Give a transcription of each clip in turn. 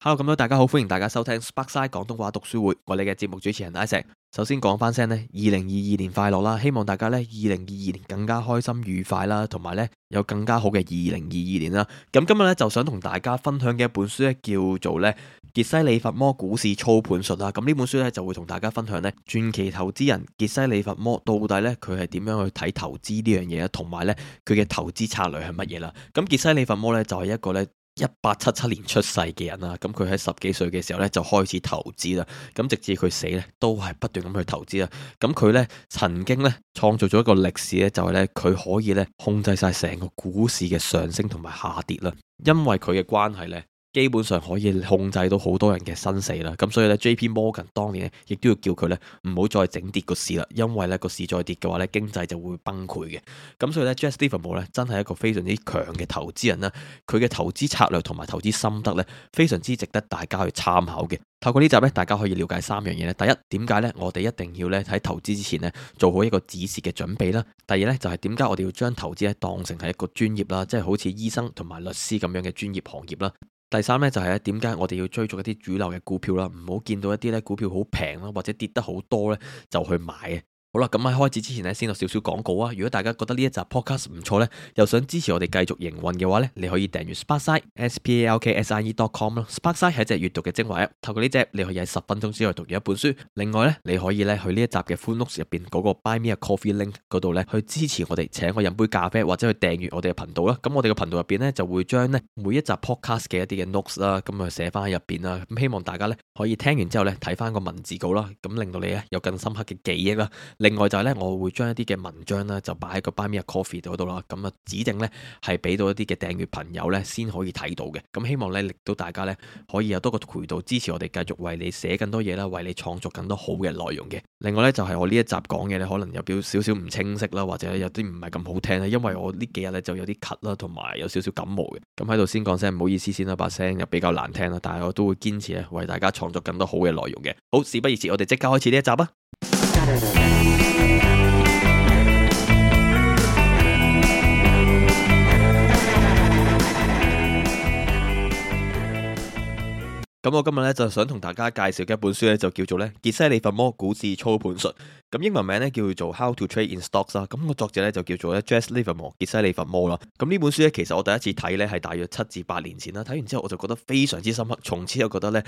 hello，咁多大家好，歡迎大家收聽 Sparkside 廣東話讀書會，我哋嘅節目主持人阿石首先講返聲呢：「二零二二年快樂啦，希望大家呢二零二二年更加開心愉快啦，同埋呢有更加好嘅二零二二年啦。咁今日呢，就想同大家分享嘅一本書呢叫做呢傑西利佛摩股市操盤術啊，咁呢本書呢，就會同大家分享呢傳奇投資人傑西利佛摩到底呢，佢係點樣去睇投資呢樣嘢同埋呢佢嘅投資策略係乜嘢啦。咁傑西利佛摩呢，就係一個呢……一八七七年出世嘅人啦，咁佢喺十幾歲嘅時候呢，就開始投資啦，咁直至佢死呢，都係不斷咁去投資啦。咁佢呢曾經呢創造咗一個歷史呢，就係呢，佢可以呢控制晒成個股市嘅上升同埋下跌啦，因為佢嘅關係呢。基本上可以控制到好多人嘅生死啦，咁所以咧，JP Morgan 當年咧亦都要叫佢咧唔好再整跌個市啦，因為咧個市再跌嘅話咧經濟就會崩潰嘅。咁所以咧，Jesse Livermore 咧真係一個非常之強嘅投資人啦，佢嘅投資策略同埋投資心得咧非常之值得大家去參考嘅。透過集呢集咧，大家可以了解三樣嘢咧。第一，點解咧我哋一定要咧喺投資之前咧做好一個指示嘅準備啦？第二咧就係點解我哋要將投資咧當成係一個專業啦，即係好似醫生同埋律師咁樣嘅專業行業啦。第三呢，就係咧，點解我哋要追逐一啲主流嘅股票啦？唔好見到一啲咧股票好平啦，或者跌得好多呢就去買嘅。好啦，咁喺開始之前呢，先有少少廣告啊！如果大家覺得呢一集 podcast 唔錯呢，又想支持我哋繼續營運嘅話呢，你可以訂閱 Sparkside s p a r k s i d e dot com 啦。Sparkside 係一隻閱讀嘅精華啊，透過呢隻你可以喺十分鐘之內讀完一本書。另外呢，你可以咧去呢一集嘅 full notes 入邊嗰個 buy me a coffee link 嗰度呢，去支持我哋，請我飲杯咖啡，或者去訂閱我哋嘅頻道啦。咁我哋嘅頻道入邊呢，就會將咧每一集 podcast 嘅一啲嘅 notes 啦，咁啊寫翻喺入邊啊。咁希望大家呢，可以聽完之後呢，睇翻個文字稿啦，咁令到你呢，有更深刻嘅記憶啦。另外就係咧，我會將一啲嘅文章咧，就擺喺個 Buy Me A Coffee 度啦。咁啊，指定咧係俾到一啲嘅訂閱朋友咧，先可以睇到嘅。咁希望咧，令到大家咧，可以有多個渠道支持我哋，繼續為你寫更多嘢啦，為你創作更多好嘅內容嘅。另外咧，就係我呢一集講嘅咧，可能有少少唔清晰啦，或者有啲唔係咁好聽啦，因為我呢幾日咧就有啲咳啦，同埋有少少感冒嘅。咁喺度先講聲唔好意思先啦，把聲又比較難聽啦。但係我都會堅持咧，為大家創作更多好嘅內容嘅。好，事不宜遲，我哋即刻開始呢一集啊！咁我今日咧就想同大家介紹嘅一本書咧，就叫做咧傑西·利佛摩股市操盤術。咁英文名咧叫做 How to Trade in Stocks 啦。咁個作者咧就叫做咧傑西·利佛摩，傑西·利佛摩啦。咁呢、um、本書咧，其實我第一次睇咧係大約七至八年前啦。睇完之後我就覺得非常之深刻，從此又覺得咧。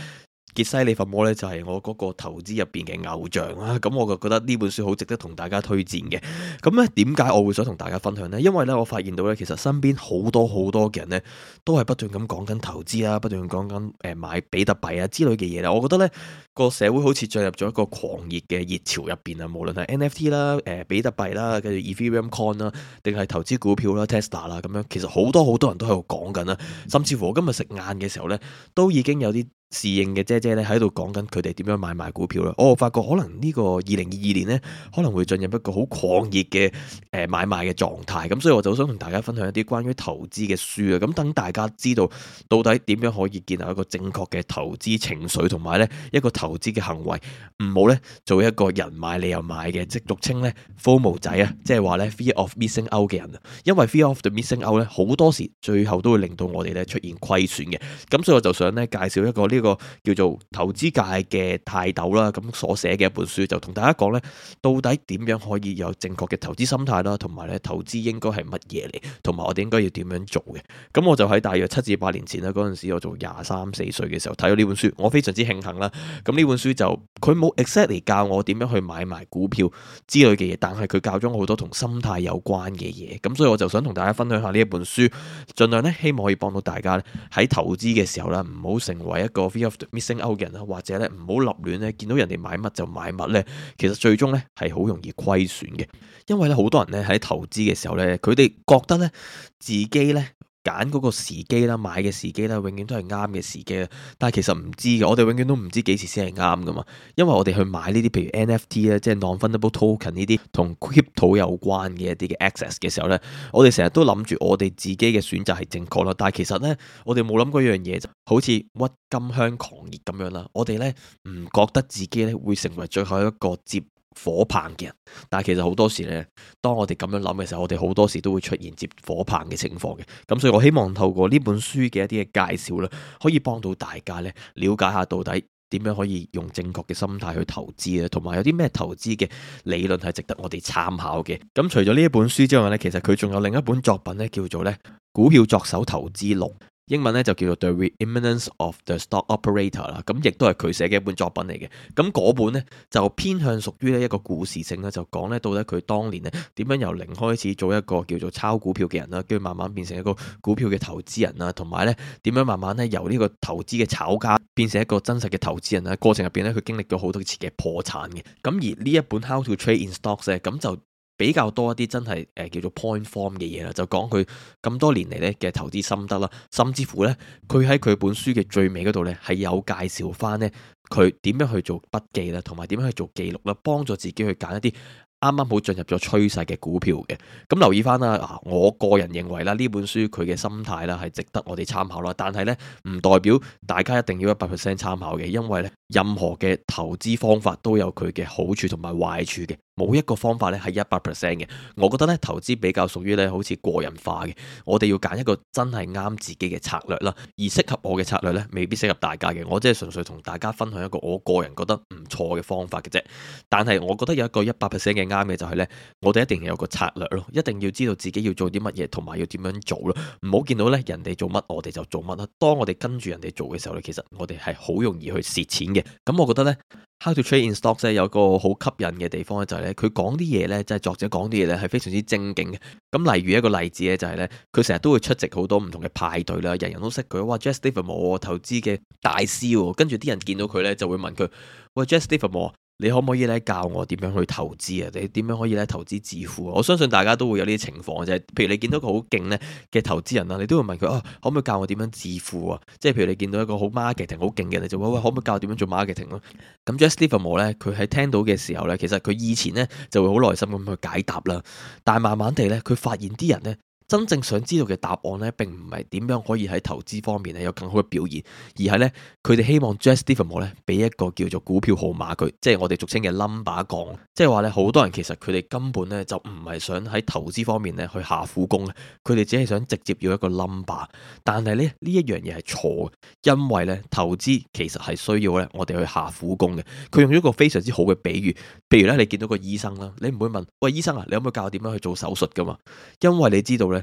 傑西利佛摩咧就係我嗰個投資入邊嘅偶像啦，咁我就覺得呢本書好值得同大家推薦嘅。咁咧，點解我會想同大家分享呢？因為咧，我發現到咧，其實身邊好多好多嘅人咧，都係不斷咁講緊投資啦，不斷講緊誒買比特幣啊之類嘅嘢啦。我覺得咧。個社會好似進入咗一個狂熱嘅熱潮入邊啊！無論係 NFT 啦、誒比特幣啦、跟住 Ethereum Coin 啦，定係投資股票啦、Tesla 啦咁樣，其實好多好多人都喺度講緊啦。甚至乎我今日食晏嘅時候呢，都已經有啲侍應嘅姐姐咧喺度講緊佢哋點樣買賣股票啦。我發覺可能呢個二零二二年呢，可能會進入一個好狂熱嘅誒買賣嘅狀態。咁所以我就想同大家分享一啲關於投資嘅書啊！咁等大家知道到底點樣可以建立一個正確嘅投資情緒同埋呢一個投。投資嘅行為唔好咧，做一個人買你又買嘅，即係俗稱咧 FOMO 仔啊，即係話咧 fear of missing out 嘅人啊，因為 fear of the missing out 咧好多時最後都會令到我哋咧出現虧損嘅。咁所以我就想咧介紹一個呢個叫做投資界嘅泰斗啦，咁所寫嘅一本書，就同大家講咧，到底點樣可以有正確嘅投資心態啦，同埋咧投資應該係乜嘢嚟，同埋我哋應該要點樣做嘅。咁我就喺大約七至八年前啦，嗰陣時我做廿三四歲嘅時候睇咗呢本書，我非常之慶幸啦。咁呢本書就佢冇 exactly 教我點樣去買賣股票之類嘅嘢，但係佢教咗我好多同心態有關嘅嘢。咁所以我就想同大家分享下呢一本書，盡量呢希望可以幫到大家呢喺投資嘅時候呢，唔好成為一個 fear of missing out 嘅人啦，或者呢唔好立亂呢見到人哋買乜就買乜呢，其實最終呢係好容易虧損嘅，因為呢好多人呢喺投資嘅時候呢，佢哋覺得呢自己呢。揀嗰個時機啦，買嘅時機啦，永遠都係啱嘅時機啦。但係其實唔知嘅，我哋永遠都唔知幾時先係啱㗎嘛。因為我哋去買呢啲，譬如 NFT 咧，即係 Non-Fungible Token 呢啲，同 Crypto 有關嘅一啲嘅 Access 嘅時候呢，我哋成日都諗住我哋自己嘅選擇係正確咯。但係其實呢，我哋冇諗過一樣嘢，就好似鬱金香狂熱咁樣啦。我哋呢，唔覺得自己呢會成為最後一個接。火棒嘅人，但係其實好多時咧，當我哋咁樣諗嘅時候，我哋好多時都會出現接火棒嘅情況嘅。咁所以我希望透過呢本書嘅一啲嘅介紹啦，可以幫到大家咧，了解下到底點樣可以用正確嘅心態去投資咧，同埋有啲咩投資嘅理論係值得我哋參考嘅。咁除咗呢一本書之外咧，其實佢仲有另一本作品咧，叫做咧《股票作手投資錄》。英文咧就叫做 The Reminiscences of the Stock Operator 啦，咁亦都係佢寫嘅一本作品嚟嘅。咁嗰本呢就偏向屬於咧一個故事性啦，就講呢到底佢當年咧點樣由零開始做一個叫做炒股票嘅人啦，跟住慢慢變成一個股票嘅投資人啦，同埋呢點樣慢慢咧由呢個投資嘅炒家變成一個真實嘅投資人啦。過程入邊呢，佢經歷咗好多次嘅破產嘅。咁而呢一本 How to Trade in Stocks 咧咁就。比較多一啲真係誒叫做 point form 嘅嘢啦，就講佢咁多年嚟咧嘅投資心得啦，甚至乎呢，佢喺佢本書嘅最尾嗰度呢，係有介紹翻呢，佢點樣去做筆記啦，同埋點樣去做記錄啦，幫助自己去揀一啲啱啱好進入咗趨勢嘅股票嘅。咁留意翻啦，我個人認為啦呢本書佢嘅心態啦係值得我哋參考啦，但係呢，唔代表大家一定要一百 percent 參考嘅，因為呢，任何嘅投資方法都有佢嘅好處同埋壞處嘅。冇一個方法咧係一百 percent 嘅，我覺得咧投資比較屬於咧好似個人化嘅，我哋要揀一個真係啱自己嘅策略啦，而適合我嘅策略咧未必適合大家嘅，我只係純粹同大家分享一個我個人覺得唔錯嘅方法嘅啫。但係我覺得有一個一百 percent 嘅啱嘅就係咧，我哋一定要有個策略咯，一定要知道自己要做啲乜嘢同埋要點樣做咯，唔好見到咧人哋做乜我哋就做乜啦。當我哋跟住人哋做嘅時候咧，其實我哋係好容易去蝕錢嘅。咁我覺得咧。《How to Trade in Stocks》有個好吸引嘅地方咧，就係、是、咧，佢講啲嘢咧，即係作者講啲嘢咧，係非常之正經嘅。咁例如一個例子咧、就是，就係咧，佢成日都會出席好多唔同嘅派對啦，人人都識佢。哇，Jesse Livermore 投資嘅大師喎，跟住啲人見到佢咧，就會問佢，喂，Jesse Livermore？你可唔可以咧教我點樣去投資啊？你點樣可以咧投資致富啊？我相信大家都會有呢啲情況，就即係譬如你見到個好勁咧嘅投資人啦，你都會問佢哦，可唔可以教我點樣致富啊？即係譬如你見到一個好 marketing 好勁嘅，你就話喂，可唔可以教我點樣做 marketing 咯？咁 Jeffrey Mo 咧，佢喺聽到嘅時候咧，其實佢以前咧就會好耐心咁去解答啦。但係慢慢地咧，佢發現啲人咧。真正想知道嘅答案呢，並唔係點樣可以喺投資方面呢有更好嘅表現，而係呢，佢哋希望 Jesse Stephen 俾一個叫做股票號碼佢，即係我哋俗稱嘅 number 講。即係話呢，好多人其實佢哋根本呢就唔係想喺投資方面呢去下苦功。佢哋只係想直接要一個 number。但係呢，呢一樣嘢係錯嘅，因為呢，投資其實係需要呢我哋去下苦功嘅。佢用咗一個非常之好嘅比喻，譬如呢，你見到個醫生啦，你唔會問，喂醫生啊，你可唔可以教我點樣去做手術噶嘛？因為你知道呢。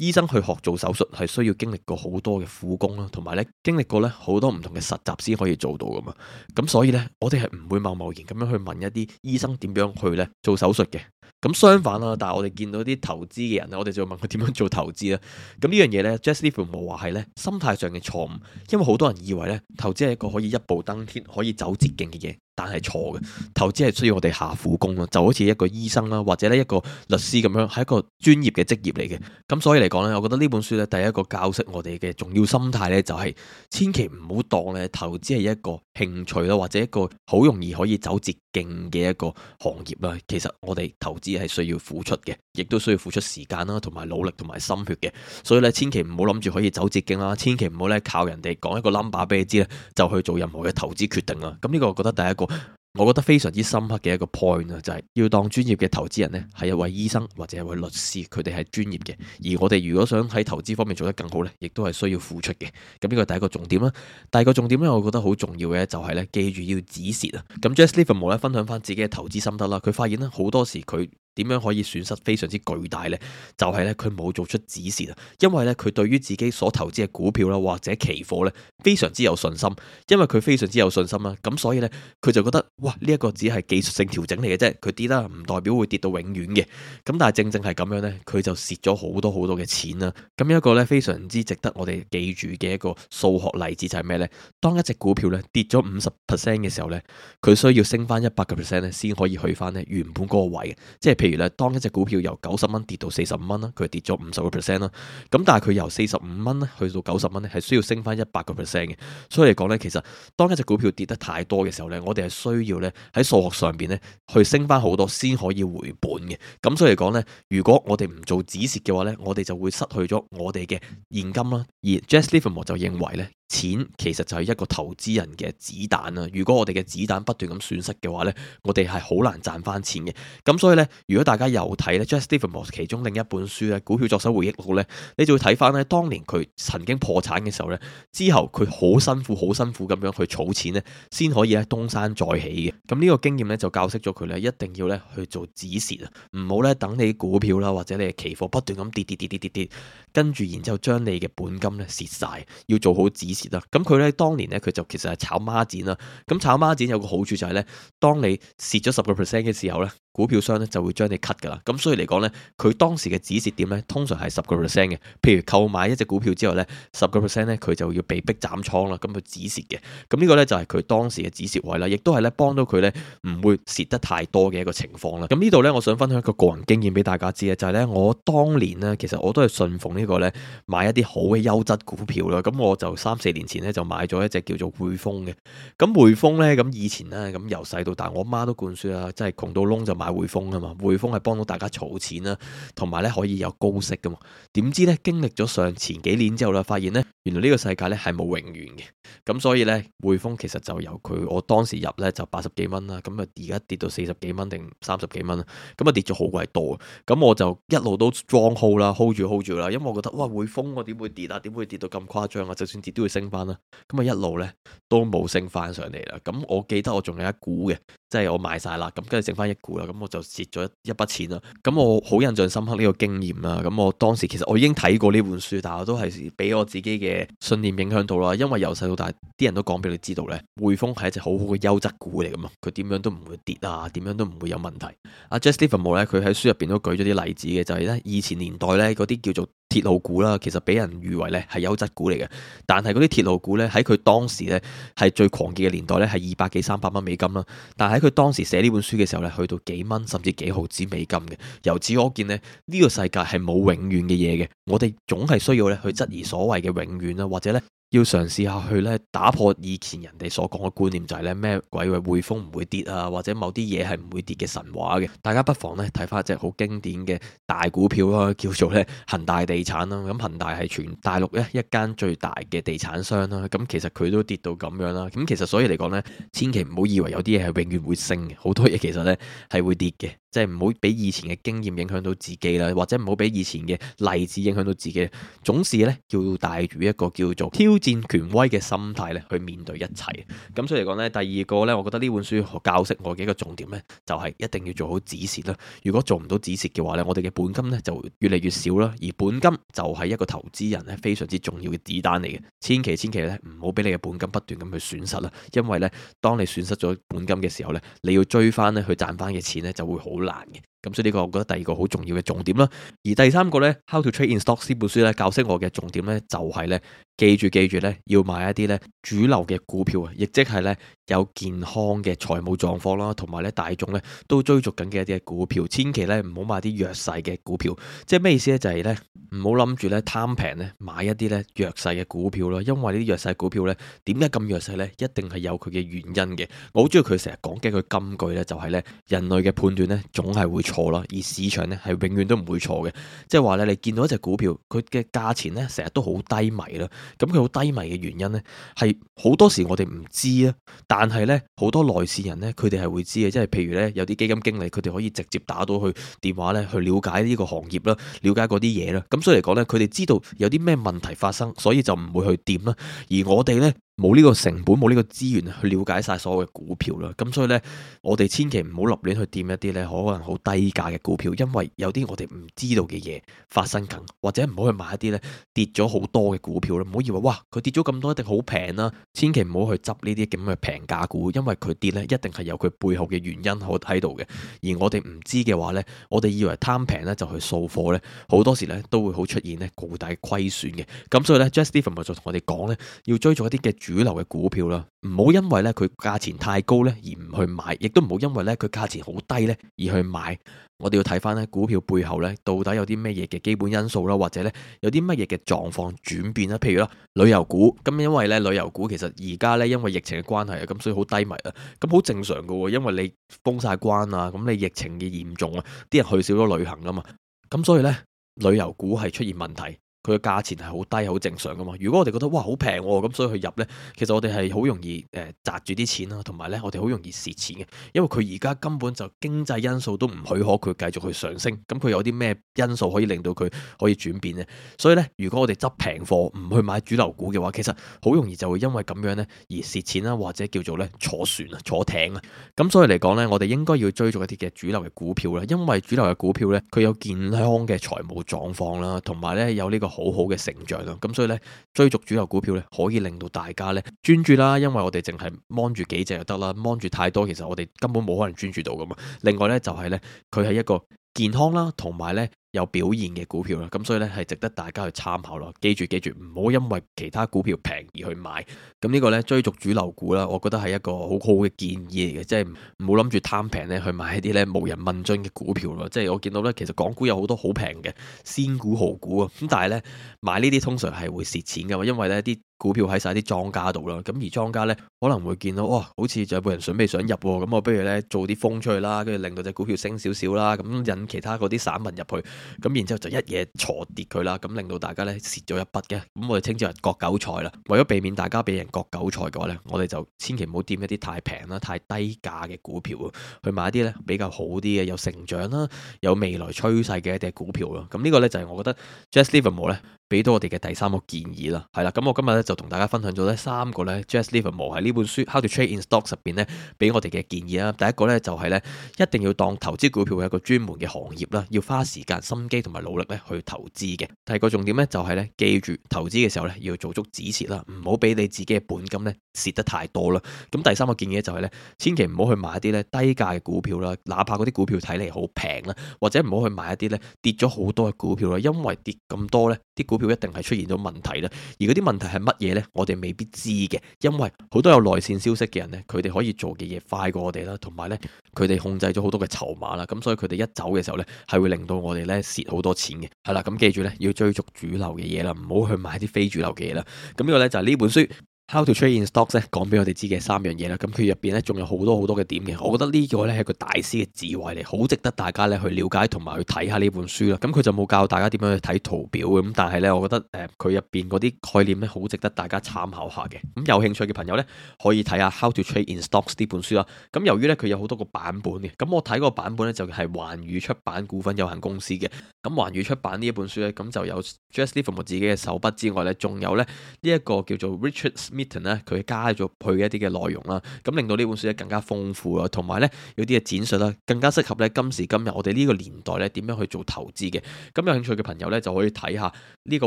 醫生去學做手術係需要經歷過好多嘅苦工啦，同埋咧經歷過咧好多唔同嘅實習先可以做到噶嘛。咁所以咧，我哋係唔會貿貿然咁樣去問一啲醫生點樣去咧做手術嘅。咁相反啦，但係我哋見到啲投資嘅人咧，我哋就問佢點樣做投資啦。咁呢樣嘢咧，Justine 冇話係咧心態上嘅錯誤，因為好多人以為咧投資係一個可以一步登天、可以走捷徑嘅嘢。但係錯嘅，投資係需要我哋下苦功咯，就好似一個醫生啦，或者咧一個律師咁樣，係一個專業嘅職業嚟嘅。咁所以嚟講呢，我覺得呢本書呢，第一個教識我哋嘅重要心態呢，就係千祈唔好當你投資係一個興趣啦，或者一個好容易可以走捷徑嘅一個行業啦。其實我哋投資係需要付出嘅。亦都需要付出時間啦，同埋努力同埋心血嘅，所以咧，千祈唔好諗住可以走捷徑啦，千祈唔好咧靠人哋講一個 number 俾你知咧，就去做任何嘅投資決定啦。咁呢個我覺得第一個，我覺得非常之深刻嘅一個 point 啊，就係要當專業嘅投資人咧，係一位醫生或者一位律師，佢哋係專業嘅，而我哋如果想喺投資方面做得更好咧，亦都係需要付出嘅。咁呢個第一個重點啦，第二個重點呢，我覺得好重要嘅就係咧，記住要止蝕啊。咁 Jesse Livermore 無咧分享翻自己嘅投資心得啦，佢發現咧好多時佢。點樣可以損失非常之巨大呢？就係咧佢冇做出指示啊，因為咧佢對於自己所投資嘅股票啦，或者期貨咧非常之有信心，因為佢非常之有信心啦，咁所以呢，佢就覺得哇，呢一個只係技術性調整嚟嘅啫，佢跌啦唔代表會跌到永遠嘅。咁但係正正係咁樣呢，佢就蝕咗好多好多嘅錢啦。咁一個呢，非常之值得我哋記住嘅一個數學例子就係咩呢？當一隻股票呢跌咗五十 percent 嘅時候呢，佢需要升翻一百個 percent 咧先可以去翻呢原本嗰個位，即係。譬如咧，當一隻股票由九十蚊跌到四十五蚊啦，佢跌咗五十個 percent 啦。咁但係佢由四十五蚊咧去到九十蚊咧，係需要升翻一百個 percent 嘅。所以嚟講咧，其實當一隻股票跌得太多嘅時候咧，我哋係需要咧喺數學上邊咧去升翻好多先可以回本嘅。咁所以嚟講咧，如果我哋唔做止蝕嘅話咧，我哋就會失去咗我哋嘅現金啦。而 Jesse Livermore 就認為咧，錢其實就係一個投資人嘅子彈啦。如果我哋嘅子彈不斷咁損失嘅話咧，我哋係好難賺翻錢嘅。咁所以咧。如果大家有睇咧 Jesse Livermore 其中另一本書咧《股票作手回憶錄》咧，你就會睇翻咧，當年佢曾經破產嘅時候咧，之後佢好辛苦、好辛苦咁樣去儲錢咧，先可以咧東山再起嘅。咁呢個經驗咧就教識咗佢咧，一定要咧去做止蝕啊，唔好咧等你股票啦或者你嘅期貨不斷咁跌跌跌跌跌跌，跟住然之後將你嘅本金咧蝕晒。要做好止蝕啦。咁佢咧當年咧佢就其實係炒孖展啦。咁炒孖展有個好處就係咧，當你蝕咗十個 percent 嘅時候咧。股票商咧就會將你 cut 噶啦咁所以嚟講咧，佢當時嘅止蝕點咧通常係十個 percent 嘅，譬如購買一隻股票之後咧，十個 percent 咧佢就要被逼斬倉啦，咁佢止蝕嘅，咁呢個咧就係佢當時嘅止蝕位啦，亦都係咧幫到佢咧唔會蝕得太多嘅一個情況啦。咁呢度咧，我想分享一個個人經驗俾大家知咧，就係咧我當年咧，其實我都係信奉呢個咧買一啲好嘅優質股票啦，咁我就三四年前咧就買咗一隻叫做匯豐嘅，咁匯豐咧咁以前咧咁由細到大，我媽都灌輸啊，真係窮到窿就。買匯豐啊嘛，匯豐係幫到大家儲錢啦，啊，同埋咧可以有高息噶嘛。點知咧經歷咗上前幾年之後咧，發現咧原來呢個世界咧係冇永遠嘅。咁所以咧匯豐其實就由佢我當時入咧就八十幾蚊啦，咁啊而家跌到四十幾蚊定三十幾蚊啦，咁啊跌咗好鬼多。咁我就一路都裝 hold 啦，hold 住 hold 住啦，因為我覺得哇匯豐我點會跌啊，點會跌到咁誇張啊？就算跌都要升翻。啦。咁啊一路咧都冇升翻上嚟啦。咁我記得我仲有一股嘅。即係我賣晒啦，咁跟住剩翻一股啦，咁我就蝕咗一一筆錢啦。咁我好印象深刻呢個經驗啦。咁我當時其實我已經睇過呢本書，但係我都係俾我自己嘅信念影響到啦。因為由細到大，啲人都講俾你知道咧，匯豐係一隻好好嘅優質股嚟噶嘛，佢點樣都唔會跌啊，點樣都唔會有問題。阿 Jesse Livermore 咧，佢喺書入邊都舉咗啲例子嘅，就係、是、咧以前年代咧嗰啲叫做。鐵路股啦，其實俾人譽為咧係優質股嚟嘅。但係嗰啲鐵路股咧喺佢當時咧係最狂熱嘅年代咧係二百幾三百蚊美金啦，但係喺佢當時寫呢本書嘅時候咧去到幾蚊甚至幾毫紙美金嘅。由此可見咧呢、呢個世界係冇永遠嘅嘢嘅，我哋總係需要咧去質疑所謂嘅永遠啊，或者咧。要嘗試下去咧，打破以前人哋所講嘅觀念，就係咧咩鬼？匯豐唔會跌啊，或者某啲嘢係唔會跌嘅神話嘅。大家不妨咧睇返一隻好經典嘅大股票啦，叫做咧恒大地產啦。咁恒大係全大陸一間最大嘅地產商啦。咁其實佢都跌到咁樣啦。咁其實所以嚟講咧，千祈唔好以為有啲嘢係永遠會升嘅，好多嘢其實咧係會跌嘅。即係唔好俾以前嘅經驗影響到自己啦，或者唔好俾以前嘅例子影響到自己，總是咧要帶住一個叫做挑戰權威嘅心態咧去面對一切。咁所以嚟講咧，第二個咧，我覺得呢本書教識我嘅一個重點咧，就係一定要做好止蝕啦。如果做唔到止蝕嘅話咧，我哋嘅本金咧就越嚟越少啦。而本金就係一個投資人咧非常之重要嘅子彈嚟嘅，千祈千祈咧唔好俾你嘅本金不斷咁去損失啦。因為咧，當你損失咗本金嘅時候咧，你要追翻咧去賺翻嘅錢咧就會好。難嘅，咁所以呢個我覺得第二個好重要嘅重點啦。而第三個咧，《How to Trade in Stocks》呢本書咧，教識我嘅重點咧，就是，就係咧。記住記住咧，要買一啲咧主流嘅股票，亦即係咧有健康嘅財務狀況啦，同埋咧大眾咧都追逐緊嘅一啲嘅股票。千祈咧唔好買啲弱勢嘅股票。即係咩意思咧？就係咧唔好諗住咧貪平咧買一啲咧弱勢嘅股票咯。因為呢啲弱勢股票咧，點解咁弱勢咧？一定係有佢嘅原因嘅。我好中意佢成日講嘅句金句咧，就係咧人類嘅判斷咧總係會錯咯，而市場咧係永遠都唔會錯嘅。即係話咧，你見到一隻股票，佢嘅價錢咧成日都好低迷咯。咁佢好低迷嘅原因呢，係好多時我哋唔知啊，但係呢，好多內線人呢，佢哋係會知嘅，即係譬如呢，有啲基金經理，佢哋可以直接打到去電話呢，去了解呢個行業啦，了解嗰啲嘢啦，咁所以嚟講呢，佢哋知道有啲咩問題發生，所以就唔會去掂啦，而我哋呢。冇呢個成本，冇呢個資源去了解晒所有嘅股票啦。咁所以呢，我哋千祈唔好立亂去掂一啲呢可能好低價嘅股票，因為有啲我哋唔知道嘅嘢發生緊，或者唔好去買一啲呢跌咗好多嘅股票咧。唔好以為哇，佢跌咗咁多一定好平啦。千祈唔好去執呢啲咁嘅平價股，因為佢跌呢一定係有佢背後嘅原因睇到嘅。而我哋唔知嘅話呢，我哋以為貪平呢就去掃貨呢，好多時呢都會好出現呢，巨大虧損嘅。咁所以呢，Justin 又再同我哋講呢，要追逐一啲嘅主流嘅股票啦，唔好因為咧佢價錢太高咧而唔去買，亦都唔好因為咧佢價錢好低咧而去買。我哋要睇翻咧股票背後咧到底有啲咩嘢嘅基本因素啦，或者咧有啲乜嘢嘅狀況轉變啦，譬如啦，旅遊股，咁因為咧旅遊股其實而家咧因為疫情嘅關係啊，咁所以好低迷啊。咁好正常噶，因為你封晒關啊，咁你疫情嘅嚴重啊，啲人去少咗旅行啊嘛，咁所以咧旅遊股係出現問題。佢嘅價錢係好低、好正常噶嘛？如果我哋覺得哇好平喎，咁、啊、所以去入呢，其實我哋係好容易誒砸住啲錢啦、啊，同埋呢，我哋好容易蝕錢嘅、啊，因為佢而家根本就經濟因素都唔許可佢繼續去上升。咁佢有啲咩因素可以令到佢可以轉變呢？所以呢，如果我哋執平貨唔去買主流股嘅話，其實好容易就會因為咁樣呢而蝕錢啦、啊，或者叫做呢坐船啊、坐艇啊。咁所以嚟講呢，我哋應該要追逐一啲嘅主流嘅股票啦、啊，因為主流嘅股票呢，佢有健康嘅財務狀況啦、啊，同埋呢，有呢、呢個。好好嘅成長啊！咁所以呢，追逐主流股票呢，可以令到大家呢專注啦。因為我哋淨係掹住幾隻就得啦，掹住太多，其實我哋根本冇可能專注到㗎嘛。另外呢，就係呢，佢係一個健康啦，同埋呢，有表現嘅股票啦，咁所以呢，係值得大家去參考咯。記住記住，唔好因為其他股票平而去買。咁呢個呢，追逐主流股啦，我覺得係一個好好嘅建議嚟嘅，即係唔好諗住貪平呢去買一啲呢無人問津嘅股票咯。即係我見到呢，其實港股有好多好平嘅仙股、豪股啊。咁但係呢，買呢啲通常係會蝕錢噶嘛，因為呢啲股票喺晒啲莊家度啦。咁而莊家呢，可能會見到，哦，好似仲有冇人準備想入，咁我不如呢，做啲風吹啦，跟住令到隻股票升少少啦，咁引其他嗰啲散民入去。咁然之後就一嘢坐跌佢啦，咁令到大家咧蝕咗一筆嘅。咁我哋稱之為割韭菜啦。為咗避免大家俾人割韭菜嘅話咧，我哋就千祈唔好掂一啲太平啦、太低價嘅股票啊，去買啲咧比較好啲嘅、有成長啦、有未來趨勢嘅一啲股票咯。咁呢個咧就係、是、我覺得 j u s t l e v e 冇咧。俾到我哋嘅第三個建議啦，係啦，咁我今日咧就同大家分享咗呢三個呢。Jesse Livermore 喺呢本書《How to Trade in Stocks》入邊呢，俾我哋嘅建議啦。第一個呢，就係呢，一定要當投資股票係一個專門嘅行業啦，要花時間、心機同埋努力咧去投資嘅。第二個重點呢，就係呢，記住投資嘅時候呢，要做足止蝕啦，唔好俾你自己嘅本金呢蝕得太多啦。咁第三個建議就係呢，千祈唔好去買一啲呢低價嘅股票啦，哪怕嗰啲股票睇嚟好平啦，或者唔好去買一啲呢跌咗好多嘅股票啦，因為跌咁多呢。啲股票一定係出現咗問題啦，而嗰啲問題係乜嘢呢？我哋未必知嘅，因為好多有內線消息嘅人呢，佢哋可以做嘅嘢快過我哋啦，同埋呢，佢哋控制咗好多嘅籌碼啦，咁所以佢哋一走嘅時候呢，係會令到我哋呢蝕好多錢嘅，係啦，咁記住呢，要追逐主流嘅嘢啦，唔好去買啲非主流嘅嘢啦，咁呢個呢，就係呢本書 How to Trade in Stocks 咧講俾我哋知嘅三樣嘢啦，咁佢入邊咧仲有好多好多嘅點嘅，我覺得呢個咧係一個大師嘅智慧嚟，好值得大家咧去了解同埋去睇下呢本書啦。咁佢就冇教大家點樣去睇圖表嘅，咁但係咧，我覺得誒佢入邊嗰啲概念咧好值得大家參考下嘅。咁有興趣嘅朋友咧可以睇下 How to Trade in Stocks 呢本書啦。咁由於咧佢有好多個版本嘅，咁我睇嗰個版本咧就係環宇出版股份有限公司嘅。咁環宇出版呢一本書咧咁就有 Jesse Livermore 自己嘅手筆之外咧，仲有咧呢一個叫做 Richard Smith。呢佢加咗佢一啲嘅內容啦，咁令到呢本書咧更加豐富啊，同埋呢有啲嘅展述啦，更加適合呢今時今日我哋呢個年代呢點樣去做投資嘅。咁有興趣嘅朋友呢，就可以睇下呢個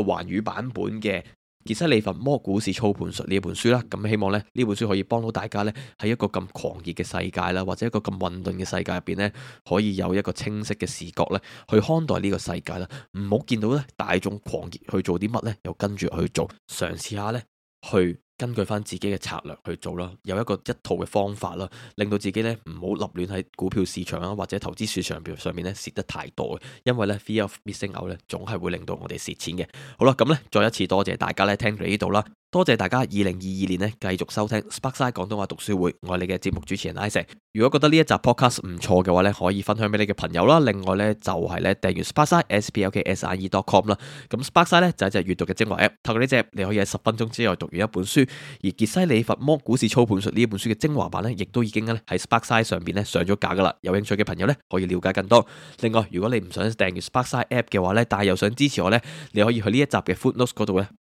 環宇版本嘅傑西利弗摩股市操盤術呢本書啦。咁希望咧呢本書可以幫到大家呢，喺一個咁狂熱嘅世界啦，或者一個咁混沌嘅世界入邊呢，可以有一個清晰嘅視覺呢，去看待呢個世界啦。唔好見到呢大眾狂熱去做啲乜呢，又跟住去做嘗試下呢去。根據翻自己嘅策略去做啦，有一個一套嘅方法啦，令到自己咧唔好立亂喺股票市場啊或者投資市場上，上面咧蝕得太多，因為咧 Fear of Missing Out 咧總係會令到我哋蝕錢嘅。好啦，咁咧再一次多謝大家咧聽到呢度啦。多謝大家，二零二二年咧繼續收聽 Sparkside 廣東話讀書會，我係你嘅節目主持人 Ice。如果覺得呢一集 podcast 唔錯嘅話咧，可以分享俾你嘅朋友啦。另外呢，就係咧訂閱 Sparkside S P L K S I E dot com 啦。咁 Sparkside 呢，就係一隻閱讀嘅精華 app，透過呢隻你可以喺十分鐘之內讀完一本書。而傑西·利佛摩股市操盤術呢一本書嘅精華版呢，亦都已經咧喺 Sparkside 上邊咧上咗架噶啦。有興趣嘅朋友呢，可以了解更多。另外，如果你唔想訂閱 Sparkside app 嘅話呢，但係又想支持我呢，你可以去呢一集嘅 footnotes 嗰度咧，